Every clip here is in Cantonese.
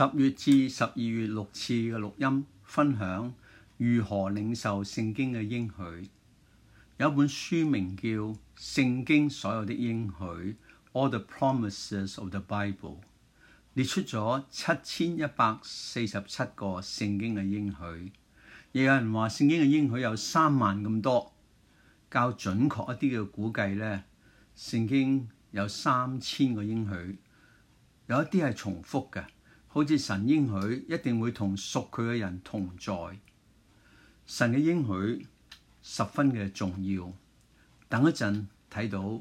十月至十二月六次嘅錄音分享，如何領受聖經嘅應許？有一本書名叫《聖經所有的應許：All the Promises of the Bible》，列出咗七千一百四十七個聖經嘅應許。亦有人話聖經嘅應許有三萬咁多，較準確一啲嘅估計呢，聖經有三千個應許，有一啲係重複嘅。好似神應許，一定會同屬佢嘅人同在。神嘅應許十分嘅重要。等一陣睇到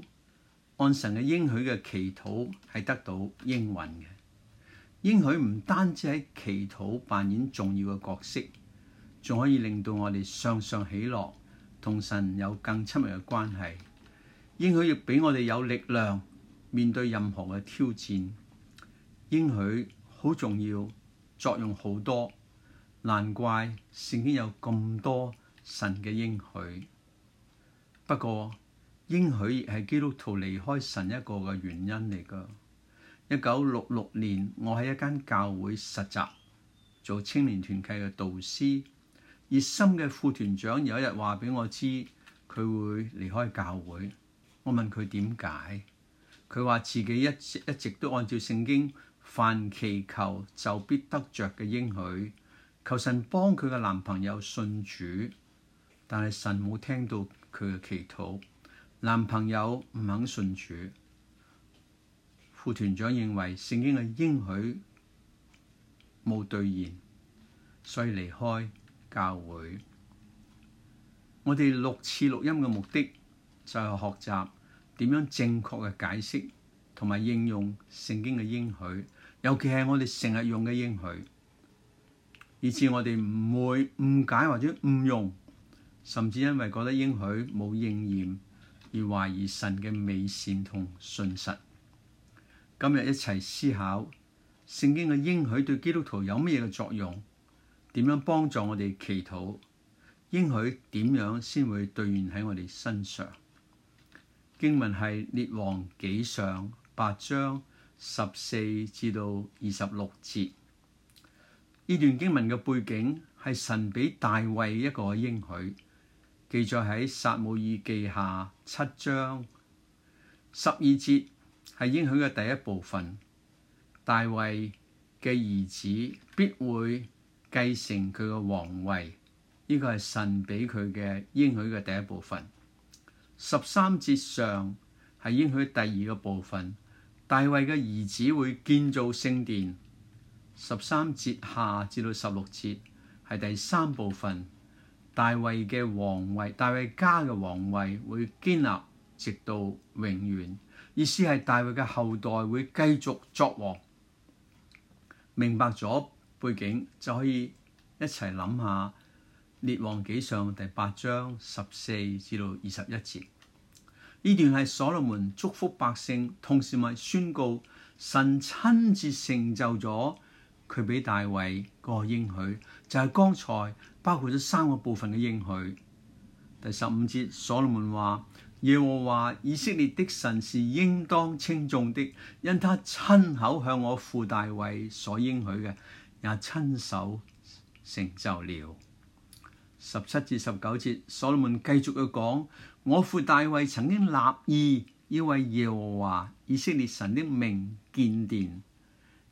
按神嘅應許嘅祈禱係得到應允嘅。應許唔單止喺祈禱扮演重要嘅角色，仲可以令到我哋上上喜樂，同神有更親密嘅關係。應許亦俾我哋有力量面對任何嘅挑戰。應許。好重要，作用好多，難怪聖經有咁多神嘅應許。不過，應許亦係基督徒離開神一個嘅原因嚟㗎。一九六六年，我喺一間教會實習，做青年團契嘅導師，熱心嘅副團長有一日話俾我知，佢會離開教會。我問佢點解，佢話自己一直一直都按照聖經。凡祈求就必得着嘅應許，求神幫佢嘅男朋友信主，但係神冇聽到佢嘅祈禱，男朋友唔肯信主。副團長認為聖經嘅應許冇兌現，所以離開教會。我哋六次錄音嘅目的就係學習點樣正確嘅解釋同埋應用聖經嘅應許。尤其係我哋成日用嘅應許，以致我哋唔會誤解或者誤用，甚至因為覺得應許冇應驗而懷疑神嘅美善同信實。今日一齊思考聖經嘅應許對基督徒有咩嘅作用？點樣幫助我哋祈禱？應許點樣先會兌現喺我哋身上？經文係列王紀上八章。十四至到二十六節，呢段經文嘅背景係神俾大衛一個應許，記載喺《撒母耳記下》七章十二節，係應許嘅第一部分。大衛嘅兒子必會繼承佢嘅皇位，呢、這個係神俾佢嘅應許嘅第一部分。十三節上係應許第二個部分。大衛嘅兒子會建造聖殿，十三節下至到十六節係第三部分。大衛嘅王位，大衛家嘅王位會建立直到永遠，意思係大衛嘅後代會繼續作王。明白咗背景就可以一齊諗下列王紀上第八章十四至到二十一節。呢段係所羅門祝福百姓，同時咪宣告神親自成就咗佢俾大衛個應許，就係、是、剛才包括咗三個部分嘅應許。第十五節，所羅門話：耶和華以色列的神是應當稱頌的，因他親口向我父大衛所應許嘅，也親手成就了。十七至十九節，所羅門繼續去講。我父大衛曾經立意要為耶和華以色列神的名建殿，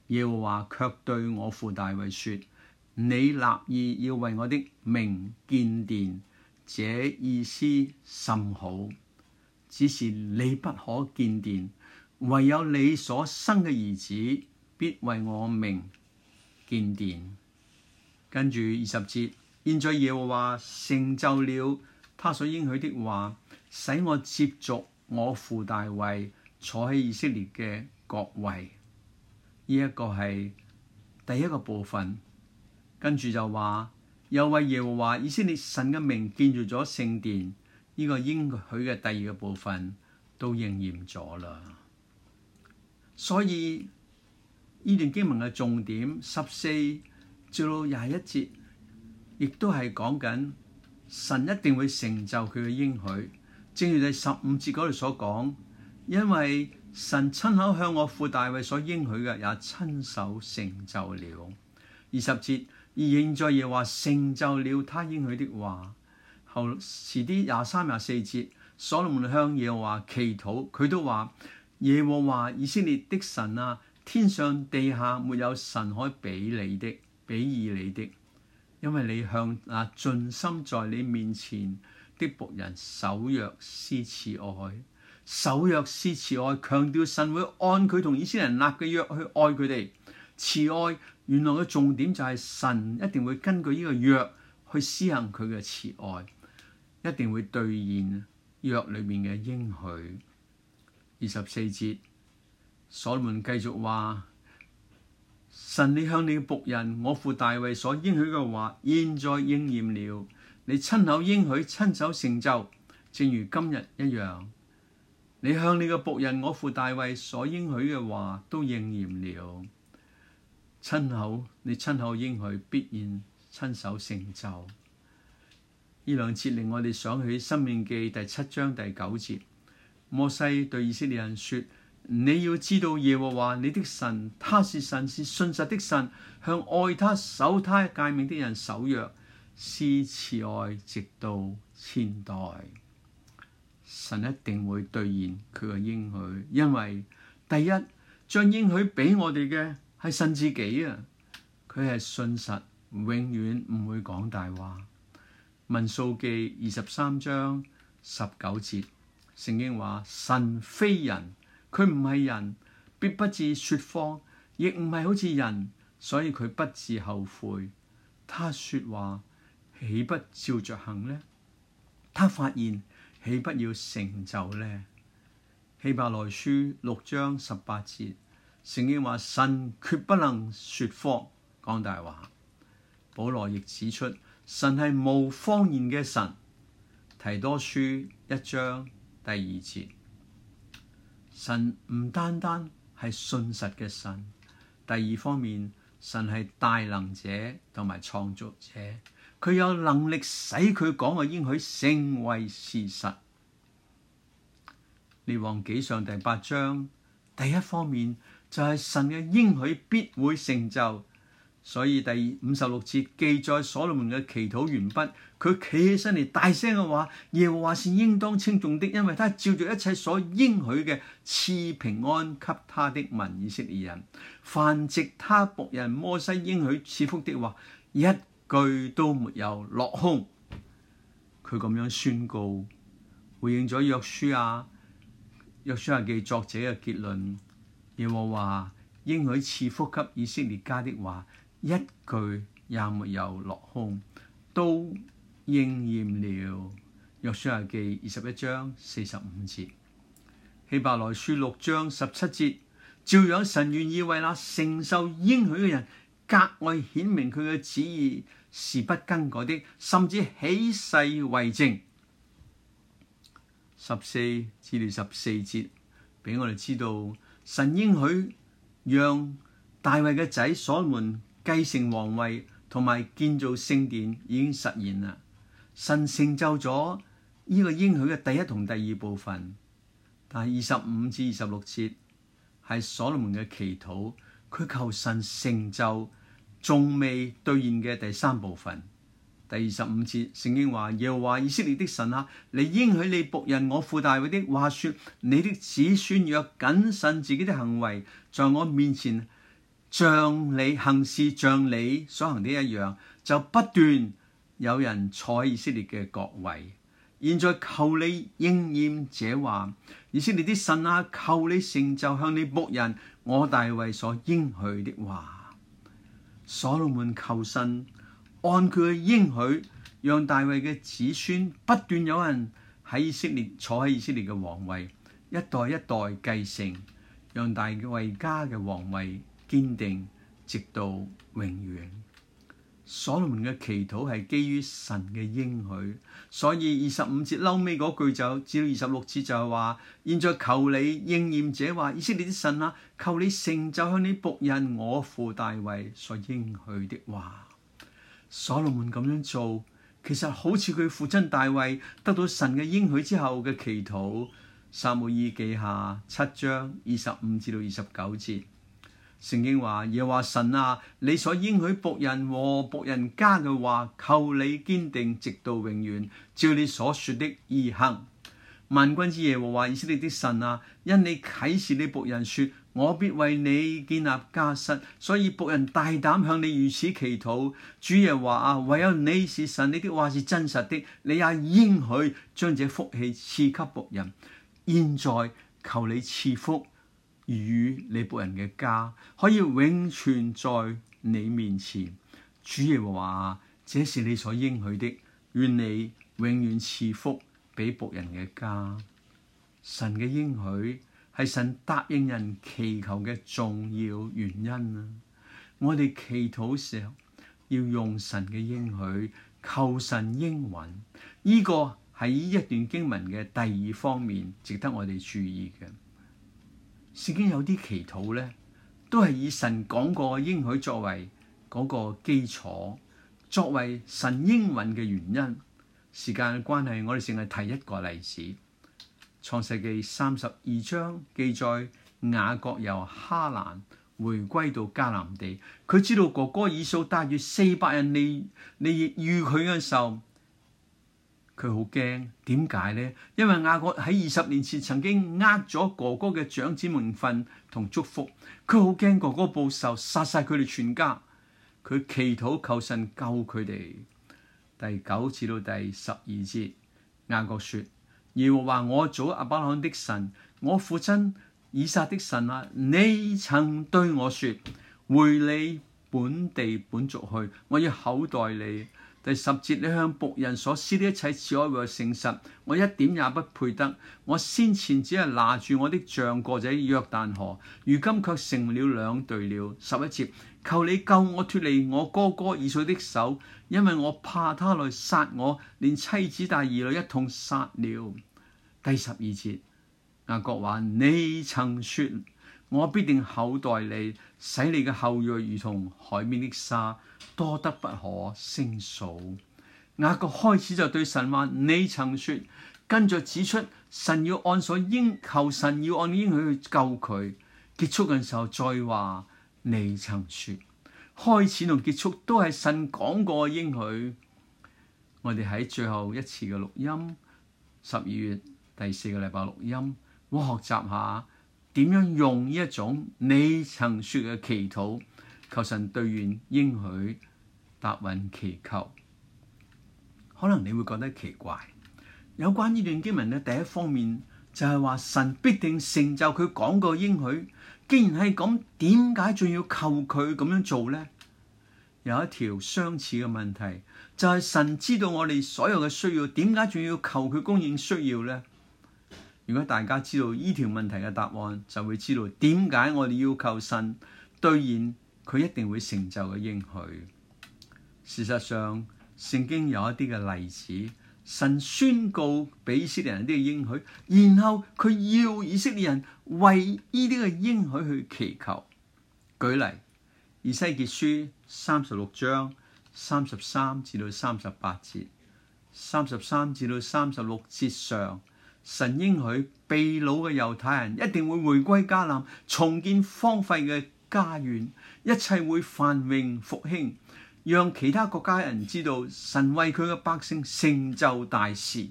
耶和華卻對我父大衛說：你立意要為我的名建殿，這意思甚好，只是你不可建殿，唯有你所生嘅兒子必為我名建殿。跟住二十節，現在耶和華成就了他所應許的話。使我接續我父大衛坐喺以色列嘅國位，呢、這、一個係第一個部分。跟住就話，又為耶和華以色列神嘅名建造咗聖殿，呢、這個應許嘅第二個部分都應驗咗啦。所以呢段經文嘅重點，十四至到廿一節，亦都係講緊神一定會成就佢嘅應許。正如第十五節嗰度所講，因為神親口向我父大衛所應許嘅，也親手成就了。二十節，而現在耶和華成就了他應許的話。後遲啲廿三、廿四節，所羅門向耶和華祈禱，佢都話：耶和華以色列的神啊，天上地下沒有神可以俾你的，比擬你的，因為你向啊盡心在你面前啲僕人守約施慈愛，守約施慈愛強調神會按佢同以色列人立嘅約去愛佢哋，慈愛原來嘅重點就係神一定會根據呢個約去施行佢嘅慈愛，一定會兌現約裏面嘅應許。二十四節，所門繼續話：神你向你嘅僕人我父大衛所應許嘅話，現在應驗了。你親口應許，親手成就，正如今日一樣。你向你嘅僕人我父大衛所應許嘅話，都應驗了。親口，你親口應許，必然親手成就。呢兩節令我哋想起《申命記》第七章第九節，摩西對以色列人說：你要知道耶和華你的神，他是神，是信實的神，向愛他守他誡命的人守約施慈愛直到千代，神一定會兌現佢嘅應許，因為第一將應許俾我哋嘅係神自己啊，佢係信實，永遠唔會講大話。民數記二十三章十九節，聖經話神非人，佢唔係人，必不至說謊，亦唔係好似人，所以佢不至後悔。他說話。豈不照着行呢？他發現豈不要成就呢？希伯來書六章十八節，聖經話神決不能說謊講大話。保羅亦指出神係無謊言嘅神。提多書一章第二節，神唔單單係信實嘅神。第二方面，神係大能者同埋創造者。佢有能力使佢講嘅應許成為事實。列王紀上第八章第一方面就係、是、神嘅應許必會成就，所以第五十六節記載所羅門嘅祈禱完畢，佢企起身嚟大聲嘅話：耶和華是應當稱頌的，因為他照著一切所應許嘅賜平安給他的民以色列人，凡藉他僕人摩西應許賜福的話一。句都沒有落空，佢咁樣宣告，回應咗約書亞、約書亞記作者嘅結論。耶和華應許賜福給以色列家的話，一句也沒有落空，都應驗了。約書亞記二十一章四十五節，希伯來書六章十七節，照樣神願意為那承受應許嘅人，格外顯明佢嘅旨意是不更改的，甚至起誓為證。十四至二十四節俾我哋知道，神應許讓大衛嘅仔所門繼承皇位，同埋建造聖殿已經實現啦。神成就咗呢個應許嘅第一同第二部分。但係二十五至二十六節係所羅門嘅祈禱。佢求，求神成就仲未兌現嘅第三部分，第二十五節聖經話：耶和華以色列的神啊，你應許你僕人我父大衛的話說，你的子孫若謹慎自己的行為，在我面前像你行事像你所行的一樣，就不斷有人坐以色列嘅國位，現在求你應驗這話，以色列的神啊，求你成就向你僕人我大衛所應許的話。所羅門求神按佢嘅應許，讓大衛嘅子孫不斷有人喺以色列坐喺以色列嘅皇位，一代一代繼承，讓大衛家嘅皇位堅定，直到永遠。所羅門嘅祈禱係基於神嘅應許，所以二十五節後尾嗰句就至到二十六節就係話：現在求你應驗這話，以色列的神啊，求你成就向你僕人我父大衛所應許的話。所羅門咁樣做，其實好似佢父親大衛得到神嘅應許之後嘅祈禱，《撒母耳記下》七章二十五至到二十九節。聖經話，耶和華神啊，你所應許僕人和僕人家嘅話，求你堅定直到永遠，照你所說的而行。萬軍之耶和華以色列的神啊，因你啟示你僕人說，我必為你建立家室，所以僕人大膽向你如此祈禱。主耶和華啊，唯有你是神，你的話是真實的，你也應許將這福氣賜給僕人。現在求你賜福。與你僕人嘅家可以永存在你面前。主耶和華啊，這是你所應許的，願你永遠賜福俾僕人嘅家。神嘅應許係神答應人祈求嘅重要原因啦。我哋祈禱時候要用神嘅應許求神應允，呢、呢個喺一段經文嘅第二方面值得我哋注意嘅。聖經有啲祈禱咧，都係以神講過嘅應許作為嗰個基礎，作為神應允嘅原因。時間嘅關係，我哋淨係提一個例子，《創世記》三十二章記載雅各由哈蘭回歸到迦南地，佢知道哥哥以掃大約四百人你嚟遇佢嘅時候。佢好驚，點解咧？因為亞國喺二十年前曾經呃咗哥哥嘅長子名份同祝福，佢好驚哥哥報仇殺晒佢哋全家。佢祈禱求，求神救佢哋。第九次到第十二節，亞國説：耶和華我祖亞伯拉罕的神，我父親以撒的神啊，你曾對我説：回你本地本族去，我要厚待你。第十節，你向僕人所施的一切慈愛嘅誠實，我一點也不配得。我先前只係拿住我的杖過咗約旦河，如今卻成了兩隊了。十一節，求你救我脫離我哥哥以掃的手，因為我怕他來殺我，連妻子帶兒女一同殺了。第十二節，雅各話：你曾說。我必定厚待你，使你嘅後裔如同海面的沙，多得不可勝數。雅各開始就對神話：你曾說，跟住指出神要按所應求，神要按應許去救佢。結束嘅時候再話：你曾說，開始同結束都係神講過嘅應許。我哋喺最後一次嘅錄音，十二月第四個禮拜錄音，我學習下。點樣用一種你曾說嘅祈禱，求神兌現應許，答允祈求？可能你會覺得奇怪。有關呢段經文嘅第一方面就係話神必定成就佢講過應許。既然係咁，點解仲要求佢咁樣做咧？有一條相似嘅問題就係神知道我哋所有嘅需要，點解仲要求佢供應需要咧？如果大家知道呢條問題嘅答案，就會知道點解我哋要求神兌現，佢一定會成就嘅應許。事實上，聖經有一啲嘅例子，神宣告俾以色列人啲應許，然後佢要以色列人為呢啲嘅應許去祈求。舉例，以西結書三十六章三十三至到三十八節，三十三至到三十六節上。神應許被擄嘅猶太人，一定會回歸迦南，重建荒廢嘅家園，一切會繁榮復興，讓其他國家人知道神為佢嘅百姓成就大事。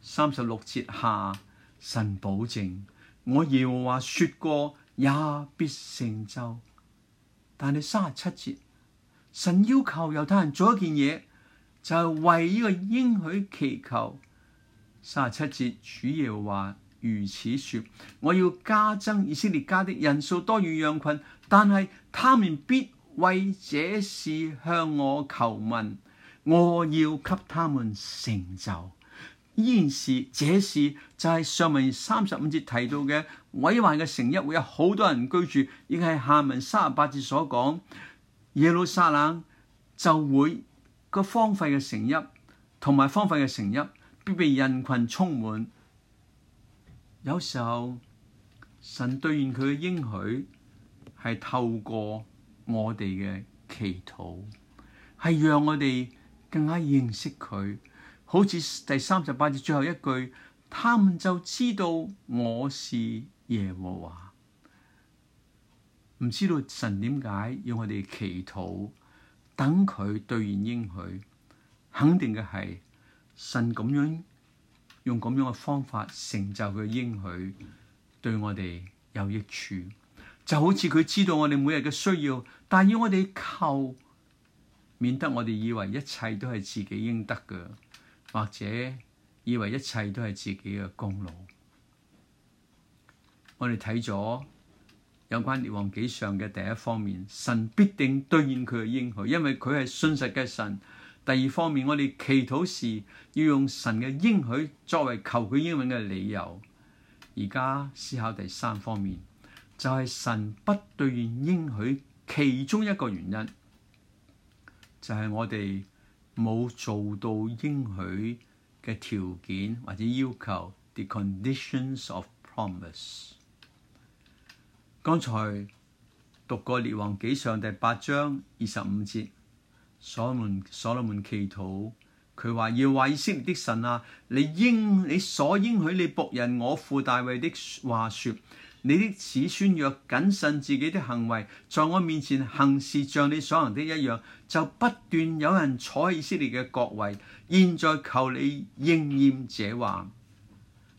三十六節下，神保證，我耶和華說過也必成就。但係三十七節，神要求猶太人做一件嘢，就係、是、為呢個應許祈求。三十七節主耶和華如此說：我要加增以色列家的人數多如羊群，但係他們必為這事向我求問，我要給他們成就呢件事：這「這事就係、是、上文三十五節提到嘅毀壞嘅城邑會有好多人居住，亦係下文三十八節所講耶路撒冷就會個荒廢嘅城邑，同埋荒廢嘅城邑。」必被人群充滿。有時候，神兌現佢嘅應許係透過我哋嘅祈禱，係讓我哋更加認識佢。好似第三十八節最後一句，他們就知道我是耶和華。唔知道神點解要我哋祈禱，等佢兌現應許。肯定嘅係。神咁樣用咁樣嘅方法成就佢嘅應許，對我哋有益處。就好似佢知道我哋每日嘅需要，但要我哋求，免得我哋以為一切都係自己應得嘅，或者以為一切都係自己嘅功勞。我哋睇咗有關列王紀上嘅第一方面，神必定兌現佢嘅應許，因為佢係信實嘅神。第二方面，我哋祈禱時要用神嘅應許作為求佢應允嘅理由。而家思考第三方面，就係、是、神不對應應許其中一個原因，就係、是、我哋冇做到應許嘅條件或者要求。The conditions of promise。剛才讀過列王紀上第八章二十五節。所羅門，所羅門祈禱，佢話：耶和華以色列的神啊，你應，你所應許你僕人我父大衛的話說，你的子孫若謹慎自己的行為，在我面前行事像你所行的一樣，就不斷有人坐以色列嘅國位。現在求你應驗這話。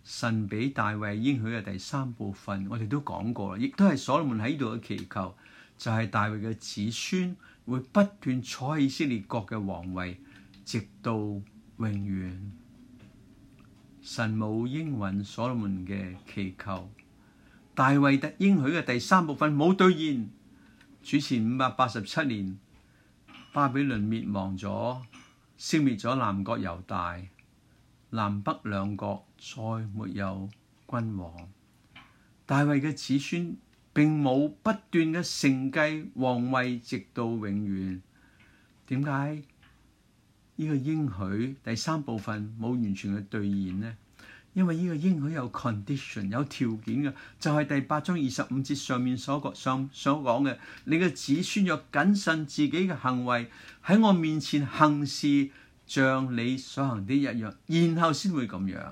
神俾大衛應許嘅第三部分，我哋都講過啦，亦都係所羅門喺度嘅祈求，就係、是、大衛嘅子孫。會不斷坐以色列國嘅皇位，直到永遠。神冇應允所羅門嘅祈求，大衛特應許嘅第三部分冇兌現。主前五百八十七年，巴比倫滅亡咗，消滅咗南國猶大，南北兩國再沒有君王。大衛嘅子孫。並冇不斷嘅承繼皇位，直到永遠。點解呢個應許第三部分冇完全嘅兌現呢？因為呢個應許有 condition 有條件嘅，就係、是、第八章二十五節上面所講嘅：你嘅子孫要謹慎自己嘅行為，喺我面前行事像你所行的一樣，然後先會咁樣。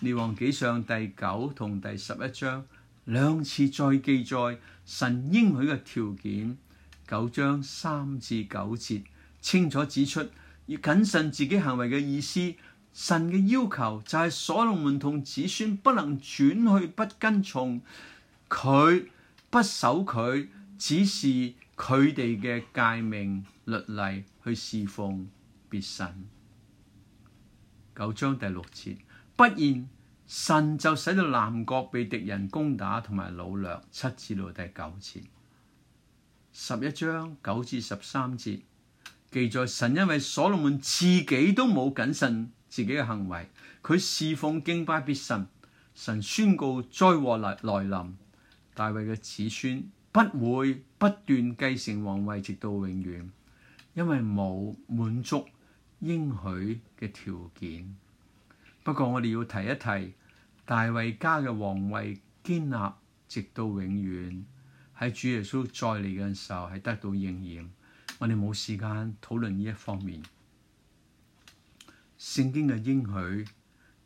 列王紀上第九同第十一章。兩次再記載神應許嘅條件，九章三至九節清楚指出要謹慎自己行為嘅意思。神嘅要求就係所羅門同子孫不能轉去不跟從佢，不守佢指示佢哋嘅誡命律例去侍奉別神。九章第六節，不然。神就使到南國被敵人攻打努，同埋擄掠七至到第九節，十一章九至十三節記載，神因為所羅門自己都冇謹慎自己嘅行為，佢侍奉敬拜別神，神宣告災禍嚟來,來臨，大衛嘅子孫不會不斷繼承皇位直到永遠，因為冇滿足應許嘅條件。不過我哋要提一提。大衛家嘅王位堅立直到永遠，喺主耶穌再嚟嘅時候係得到應驗。我哋冇時間討論呢一方面。聖經嘅應許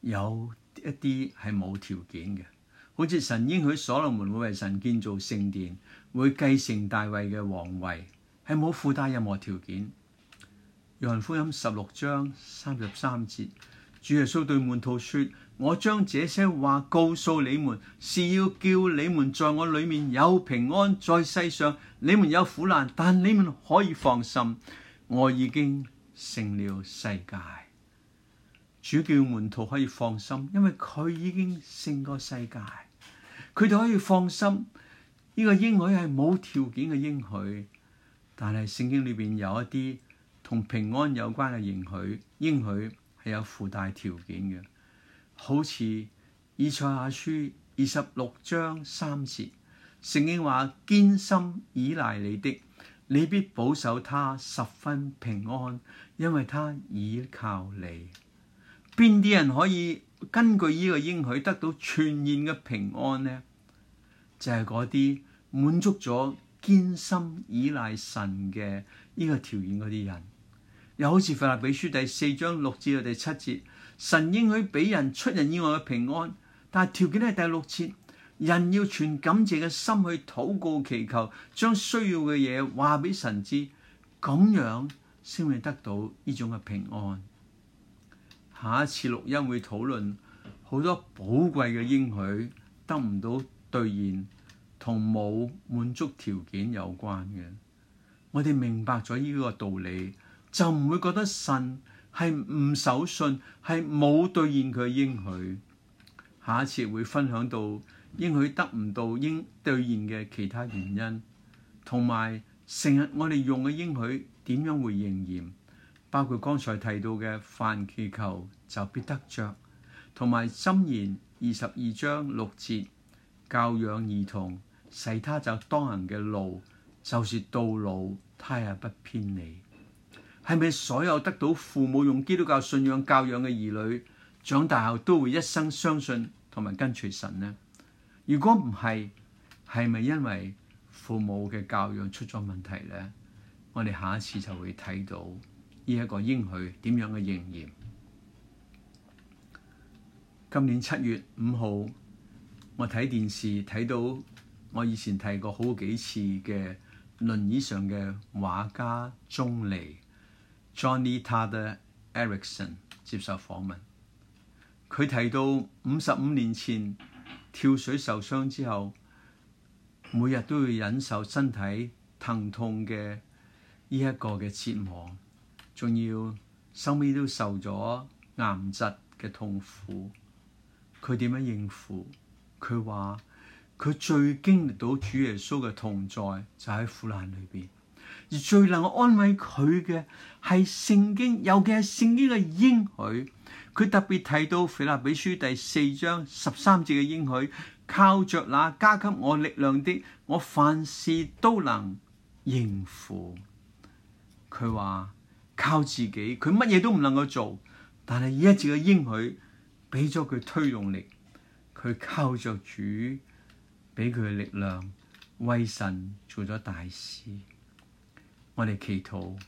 有一啲係冇條件嘅，好似神應許所羅門會為神建造聖殿，會繼承大衛嘅王位，係冇附帶任何條件。約翰福音十六章三十三節，主耶穌對門徒說。我將這些話告訴你們，是要叫你們在我裏面有平安。在世上你們有苦難，但你們可以放心，我已經勝了世界。主叫門徒可以放心，因為佢已經勝過世界，佢哋可以放心。呢個應許係冇條件嘅應許，但係聖經裏邊有一啲同平安有關嘅應許，應許係有附帶條件嘅。好似以賽亞書二十六章三節，聖經話：堅心倚賴你的，你必保守他十分平安，因為他倚靠你。邊啲人可以根據呢個應許得到全然嘅平安呢？就係嗰啲滿足咗堅心倚賴神嘅呢個條件嗰啲人。又好似腓立比書第四章六至到第七節。神應許俾人出人意外嘅平安，但係條件係第六節，人要全感謝嘅心去禱告祈求，將需要嘅嘢話俾神知，咁樣先會得到呢種嘅平安。下一次錄音會討論好多寶貴嘅應許得唔到兌現同冇滿足條件有關嘅。我哋明白咗呢個道理，就唔會覺得神。係唔守信，係冇兌現佢嘅應許。下一次會分享到應許得唔到應兌現嘅其他原因，同埋成日我哋用嘅應許點樣會應驗？包括剛才提到嘅凡祈求就必得着。同埋箴言二十二章六節教養兒童，使他走當行嘅路，就是道路，他也不偏離。係咪所有得到父母用基督教信仰教養嘅兒女長大後都會一生相信同埋跟隨神呢？如果唔係，係咪因為父母嘅教養出咗問題呢？我哋下一次就會睇到呢一個應許點樣嘅應驗。今年七月五號，我睇電視睇到我以前睇過好幾次嘅輪椅上嘅畫家鐘離。Johnny Tada Ericsson 接受訪問，佢提到五十五年前跳水受傷之後，每日都要忍受身體疼痛嘅呢一個嘅折磨，仲要收尾都受咗癌疾嘅痛苦。佢點樣應付？佢話，佢最經歷到主耶穌嘅同在，就喺苦難裏邊。而最能夠安慰佢嘅係聖經，尤其係聖經嘅應許。佢特別提到腓立比書第四章十三節嘅應許，靠着那加給我力量的，我凡事都能應付。佢話靠自己，佢乜嘢都唔能夠做，但係呢一節嘅應許俾咗佢推動力，佢靠着主俾佢嘅力量，為神做咗大事。我哋祈禱，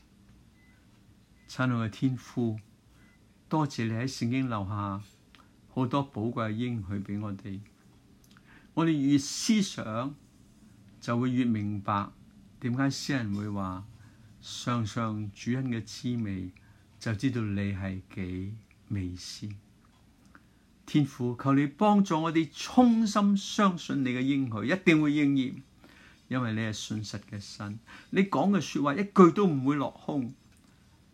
親愛嘅天父，多謝你喺聖經留下好多寶貴嘅應許畀我哋。我哋越思想，就會越明白點解詩人會話：嘗嘗主恩嘅滋味，就知道你係幾美善。天父，求你幫助我哋，衷心相信你嘅應許，一定會應驗。因為你係信實嘅神，你講嘅説話一句都唔會落空。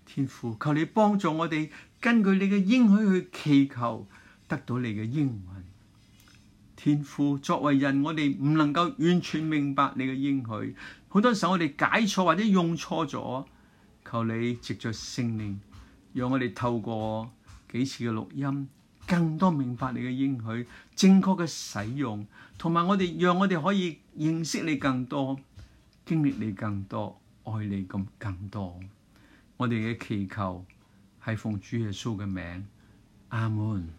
天父，求你幫助我哋，根據你嘅應許去祈求得到你嘅應允。天父，作為人，我哋唔能夠完全明白你嘅應許，好多時候我哋解錯或者用錯咗。求你藉着聖靈，讓我哋透過幾次嘅錄音，更多明白你嘅應許，正確嘅使用，同埋我哋，讓我哋可以認識你更多，經歷你更多，愛你咁更多。我哋嘅祈求係奉主耶穌嘅名，阿門。